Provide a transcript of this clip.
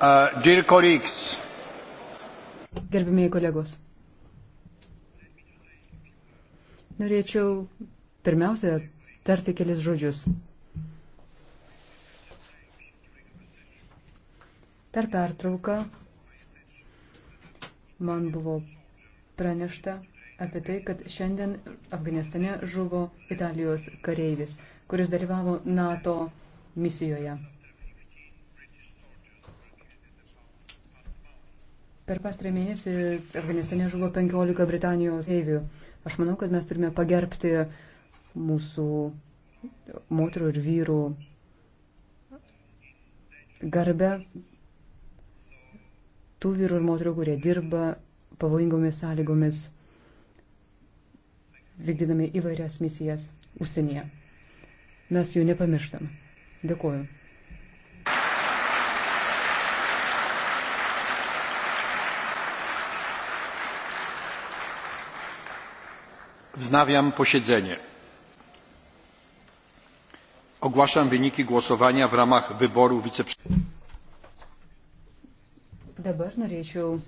Uh, Gerbimieji kolegos, norėčiau pirmiausia tarti kelis žodžius. Per pertrauką man buvo pranešta, apie tai, kad šiandien Afganistane žuvo Italijos kareivis, kuris dalyvavo NATO misijoje. Per pastarą mėnesį Afganistane žuvo 15 Britanijos kareivių. Aš manau, kad mes turime pagerbti mūsų moterų ir vyrų garbę tų vyrų ir moterų, kurie dirba pavojingomis sąlygomis vykdydami įvairias misijas užsienyje. Mes jų nepamirštam. Dėkuoju. Wznawiam posiedzenie. Ogłaszam wyniki głosowania w ramach wyboru wiceprzewodniczącego.